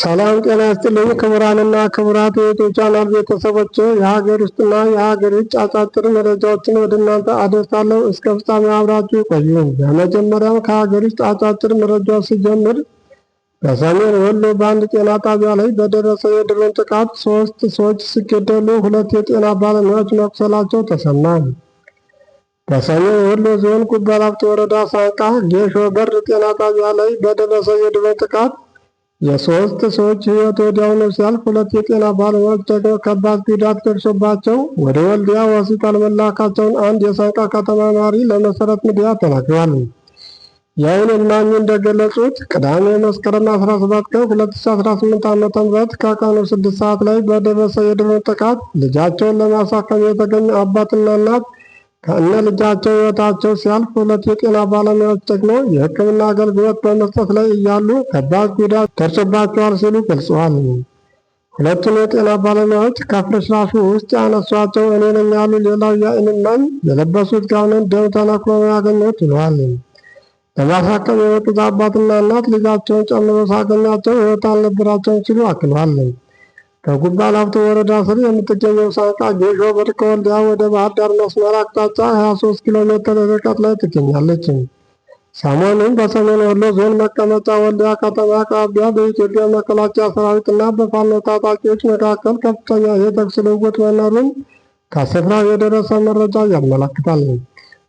ሰላም ጤና ይስጥልኝ ክቡራንና ክቡራት የዩቲዩብ ቻናል ቤተሰቦች፣ የሀገር ውስጥና የሀገር ውጭ አጫጭር መረጃዎችን ወደ እናንተ አደርሳለሁ። እስከ ፍጻሜ አብራችሁ ይቆዩ። በመጀመሪያም ከሀገር ውስጥ አጫጭር መረጃዎች ሲጀምር በሰሜን ወሎ በአንድ ጤና ጣቢያ ላይ በደረሰ የድሮን ጥቃት ሶስት ሰዎች ሲገደሉ ሁለት የጤና ባለሙያዎች መቁሰላቸው ተሰማ። በሰሜን ወሎ ዞን ጉባ ወረዳ ሳንቃ ጌሾ በር ጤና ጣቢያ ላይ በደረሰ የድሮን ጥቃት የሶስት ሰዎች ሕይወት ወዲያውኑ ሲያልፍ ሁለት የጤና ባለሙያዎች ደግሞ ከባድ ጉዳት ደርሶባቸው ወደ ወልዲያ ሆስፒታል መላካቸውን አንድ የሳንቃ ከተማ ነዋሪ ለመሰረት ሚዲያ ተናግሯል። የአይን እማኙ እንደገለጹት ቅዳሜ መስከረም 17 ቀን 2018 ዓ ም ከቀኑ 6 ሰዓት ላይ በደረሰ የድሮን ጥቃት ልጃቸውን ለማሳከም የተገኙ አባትና እናት ከእነ ልጃቸው ሕይወታቸው ሲያልፍ ሁለት የጤና ባለሙያዎች ደግሞ የሕክምና አገልግሎት በመስጠት ላይ እያሉ ከባድ ጉዳት ደርሶባቸዋል ሲሉ ገልጸዋል። ሁለቱም የጤና ባለሙያዎች ከፍርስራሹ ውስጥ ያነሷቸው እኔ ነኝ ያሉ ሌላው የአይንማኝ የለበሱት ጋውንን ደም ተነክሮ ያገኙት ብለዋል። ለማሳከም የወጡት አባትና እናት ልጃቸውን ጨምሮ ሳገኛቸው ሕይወት አልነበራቸውም ሲሉ አክለዋል። በጉባ ላፍቶ ወረዳ ስር የምትገኘው ሳንቃ ጌሾ ከወልዲያ ወደ ባህር ዳር መስመር አቅጣጫ 23 ኪሎ ሜትር ርቀት ላይ ትገኛለች። ሰሞኑን በሰሜን ወሎ ዞን መቀመጫ ወልዲያ ከተማ አቅራቢያ በኢትዮጵያ መከላከያ እና በፋኖ ታጣቂዎች መካከል ከፍተኛ የተኩስ ልውውጥ መኖሩን ከስፍራው የደረሰ መረጃ ያመለክታል።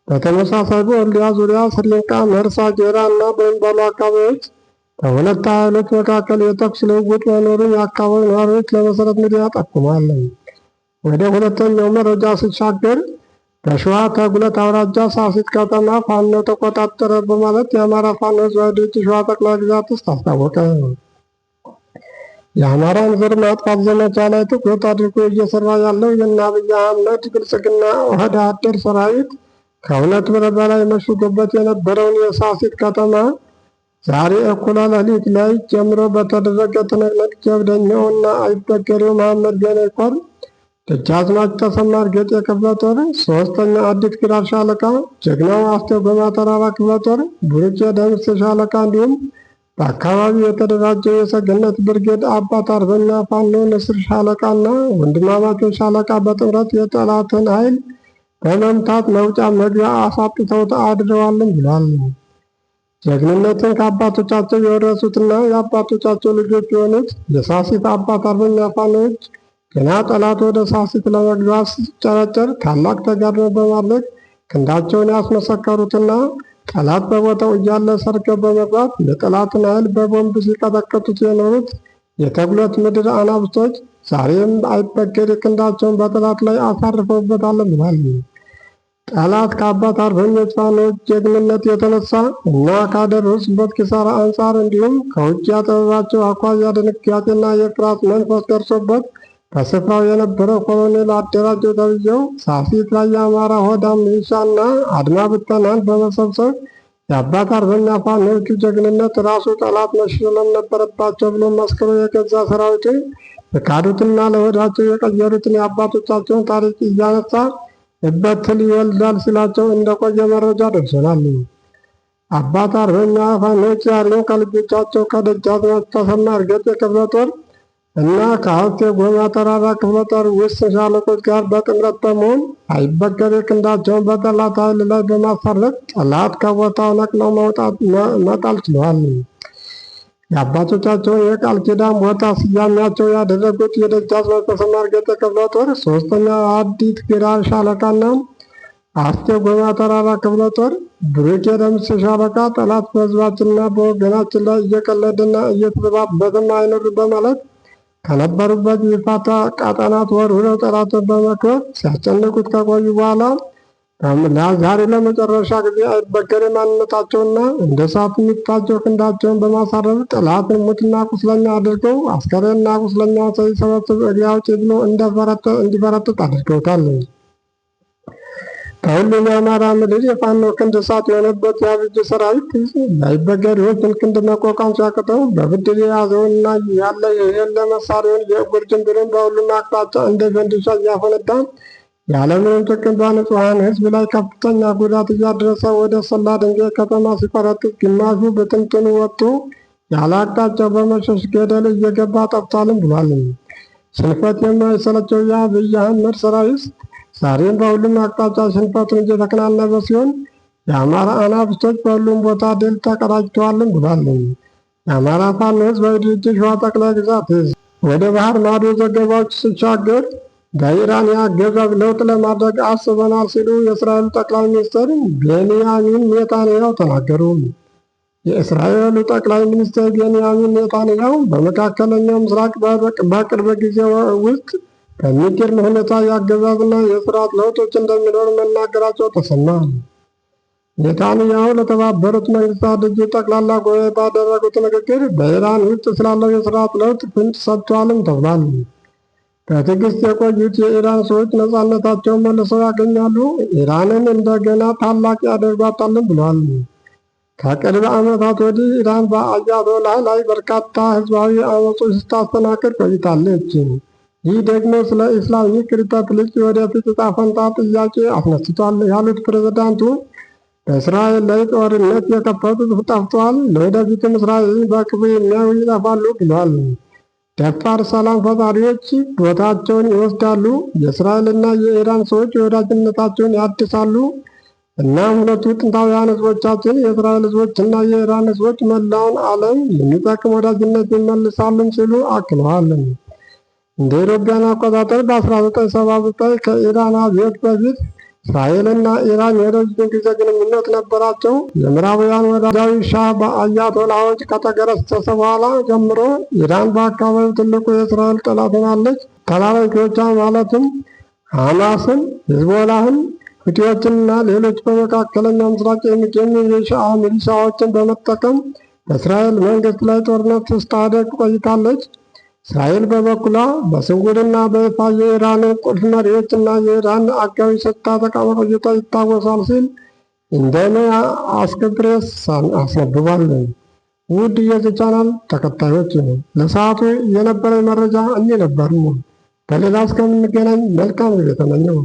በተመሳሳይ በወልዲያ ዙሪያ ስሪንቃ፣ መርሳ፣ ጌራ እና በእንበሉ አካባቢዎች ከሁለት ኃይሎች መካከል የተኩስ ልውውጥ መኖሩን የአካባቢ ነዋሪዎች ለመሰረት ሚዲያ ጠቁሟል። ወደ ሁለተኛው መረጃ ስሻገር በሸዋ ተጉለት አውራጃ ሳሲት ከተማ ፋኖ ተቆጣጠረ በማለት የአማራ ፋኖ ህዝባዊ ድርጅት ሸዋ ጠቅላይ ግዛት ውስጥ አስታወቀ። የአማራን ዘር ማጥፋት ዘመቻ ላይ ትኩረት አድርጎ እየሰራ ያለው የእነ አብይ አህመድ ብልጽግና ኦህዴድ አደር ሰራዊት ከሁለት ምዕራብ በላይ መሽጎበት የነበረውን የሳሲት ከተማ ዛሬ እኩለ ሌሊት ላይ ጀምሮ በተደረገ ትንቅንቅ ጀብደኛውና አይበገሬው መሐመድ ገነኮር ደጃዝማች ተሰማ እርጌጤ ክፍለ ጦር፣ ሶስተኛ አዲት ግራር ሻለቃ፣ ጀግናው አስቴ ጎማ ተራራ ክፍለ ጦር፣ ደምስ ሻለቃ እንዲሁም በአካባቢው የተደራጀው የሰገነት ብርጌድ አባት አርበኛ ፋኖ ንስር ሻለቃና ወንድማማቾ ሻለቃ በጥምረት የጠላትን ኃይል በመምታት መውጫ መግቢያ አሳጥተው አድረዋልን ብሏል። ጀግንነትን ከአባቶቻቸው የወረሱትና የአባቶቻቸው ልጆች የሆኑት የሳሲት አባት አርበኛ ፋኖዎች ገና ጠላት ወደ ሳሲት ለመግባት ሲጨረጨር ታላቅ ተጋድሎ በማድረግ ክንዳቸውን ያስመሰከሩትና ጠላት በቦታው እያለ ሰርገው በመግባት የጠላትን ኃይል በቦምብ ሲቀጠቅጡት የኖሩት የተጉለት ምድር አናብስቶች ዛሬም አይበገድ ክንዳቸውን በጠላት ላይ አሳርፈውበታል ብሏል። ጠላት ከአባት አርበኞች ፋኖች ጀግንነት የተነሳ እና ካደረሱበት ኪሳራ አንጻር እንዲሁም ከውጭ ያጠበባቸው አኳያ ድንጋጤና የፍርሃት መንፈስ ደርሶበት በስፍራው የነበረ ኮሎኔል አደራጀው ተብዬው ሳሲት ላይ የአማራ ሆዳ ሚሊሻና አድማ ብተናን በመሰብሰብ የአባት አርበኛ ፋኖቹ ጀግንነት ራሱ ጠላት መሸለም ነበረባቸው ብሎ መስክሮ የገዛ ሰራዊትን የካዱትና ለሆዳቸው የቀየሩትን የአባቶቻቸውን ታሪክ እያነሳ እበትል ይወልዳል ሲላቸው እንደቆየ መረጃ ደርሰናል። አባት አርበኛ ፋኖች ያሉ ከልጆቻቸው ከደጃዝማች ተሰማ እርገጤ ክፍለ ጦር እና ከሀብቴ ጎማ ተራራ ክፍለ ጦር ውስጥ ሻለቆች ጋር በጥምረት በመሆን አይበገሬ ክንዳቸውን በጠላት ኃይል ላይ በማሳረፍ ጠላት ከቦታው ነቅለው መጣል ችለዋል። የአባቶቻቸው የቃል ኪዳን ቦታ ስያሜያቸው ያደረጉት የደጃዝማች ተሰማር ጌጤ ክፍለ ጦር ሶስተኛ አዲት ግራር ሻለቃና አስቴ ጎማ ተራራ ክፍለ ጦር ብሩኬ ደምስ ሻለቃ ጠላት በህዝባችንና በወገናችን ላይ እየቀለድና እየተዘባበትም አይኖር በማለት ከነበሩበት ይፋታ ቀጠናት ወርውረው ጠላትን በመክበብ ሲያስጨንቁት ከቆዩ በኋላ ዛሬ ለመጨረሻ ጊዜ አይበገሬ ማንነታቸውና እንደ እሳት የሚታጀው ክንዳቸውን በማሳረብ ጠላትን ሙትና ቁስለኛ አድርገው አስከሬና ቁስለኛ ሳይሰበስብ እግሬ አውጪ ብሎ እንዲበረጥጥ አድርገውታል። ከሁሉም የአማራ ምድር የፋኖ ክንድ እሳት የሆነበት የአብይ ሰራዊት አይበገሬዎችን ክንድ መቋቋም ሲያቅተው በብድር የያዘውና ያለ የሌለ መሳሪያውን የእጉር ድንብሩን በሁሉም አቅጣጫ እንደ ፈንዲሻ እያፈነዳ ያለምንም ጥቅም በንጹሐን ሕዝብ ላይ ከፍተኛ ጉዳት እያደረሰ ወደ ሰላ ድንጋይ ከተማ ሲፈረጥጥ ግማሹ በትንትኑ ወጥቶ ያለ አቅጣጫው በመሸሽ ገደል እየገባ ጠፍቷልም ብሏል። ሽንፈት የማይሰለቸው የአብይ አህመድ ሰራዊት ዛሬም በሁሉም አቅጣጫ ሽንፈቱን እየተከናነበ ሲሆን የአማራ አናብስቶች በሁሉም ቦታ ድል ተቀዳጅተዋልም ብሏል። የአማራ ፋኖ ሕዝባዊ ድርጅት ሸዋ ጠቅላይ ግዛት ወደ ባህር ማዶ ዘገባዎች ሲሻገር በኢራን የአገዛዝ ለውጥ ለማድረግ አስበናል ሲሉ የእስራኤሉ ጠቅላይ ሚኒስትር ቤንያሚን ኔታንያው ተናገሩ። የእስራኤሉ ጠቅላይ ሚኒስትር ቤንያሚን ኔታንያሁ በመካከለኛው ምስራቅ በቅርብ ጊዜ ውስጥ በሚገርም ሁኔታ የአገዛዝና የስርዓት ለውጦች እንደሚኖር መናገራቸው ተሰማ። ኔታንያሁ ለተባበሩት መንግስታት ድርጅት ጠቅላላ ጉባኤ ባደረጉት ንግግር በኢራን ውስጥ ስላለው የስርዓት ለውጥ ፍንጭ ሰጥቷልም ተብሏል። በትዕግስት የቆዩት የኢራን ሰዎች ነፃነታቸውን መልሰው ያገኛሉ፣ ኢራንን እንደገና ታላቅ ያደርጓታልን ብሏል። ከቅርብ ዓመታት ወዲህ ኢራን በአያቶላህ ላይ በርካታ ህዝባዊ አመጾች ስታስተናግድ ቆይታለች። ይህ ደግሞ ስለ ኢስላሚክ ሪፐብሊክ ወደፊት ዕጣ ፈንታ ጥያቄ አስነስቷል ያሉት ፕሬዝዳንቱ በእስራኤል ላይ ጦርነት የከፈቱት ጠፍቷል፣ ለወደፊትም እስራኤልን በክፉ የሚያዩ ይጠፋሉ ብሏል። ደፋር ሰላም ፈጣሪዎች ቦታቸውን ይወስዳሉ። የእስራኤልና የኢራን ሰዎች የወዳጅነታቸውን ያድሳሉ። እናም ሁለቱ ጥንታውያን ህዝቦቻችን የእስራኤል እና የኢራን ህዝቦች መላውን ዓለም የሚጠቅም ወዳጅነት ይመልሳሉን ሲሉ አክለዋልን። እንደ ኢትዮጵያን አቆጣጠር በ1979 ከኢራን አብዮት በፊት እስራኤልና ኢራን የረጅም ጊዜ ግንኙነት ነበራቸው። የምዕራባውያን ወዳጃዊ ሻህ በአያቶላዎች ከተገረሰሰ በኋላ ጀምሮ ኢራን በአካባቢው ትልቁ የእስራኤል ጠላት ሆናለች። ተላላኪዎቿ ማለትም ሐማስን፣ ሂዝቦላህን፣ ሁቲዎችንና ሌሎች በመካከለኛው ምስራቅ የሚገኙ የሺአ ሚሊሻዎችን በመጠቀም በእስራኤል መንግስት ላይ ጦርነት ስታደርግ ቆይታለች። እስራኤል በበኩሏ በስውርና በይፋ የኢራንን ቁልፍ መሪዎችና የኢራን አጋዊ ስታ ተቃውሞ ይታወሳል ሲል እንደኔ አስከብሬስ አስነብባለን። ውድ የዚህ ቻናል ተከታዮች ለሰዓቱ የነበረ መረጃ እኒ ነበር በሌላ እስከምንገናኝ መልካም ጊዜ ተመኘው።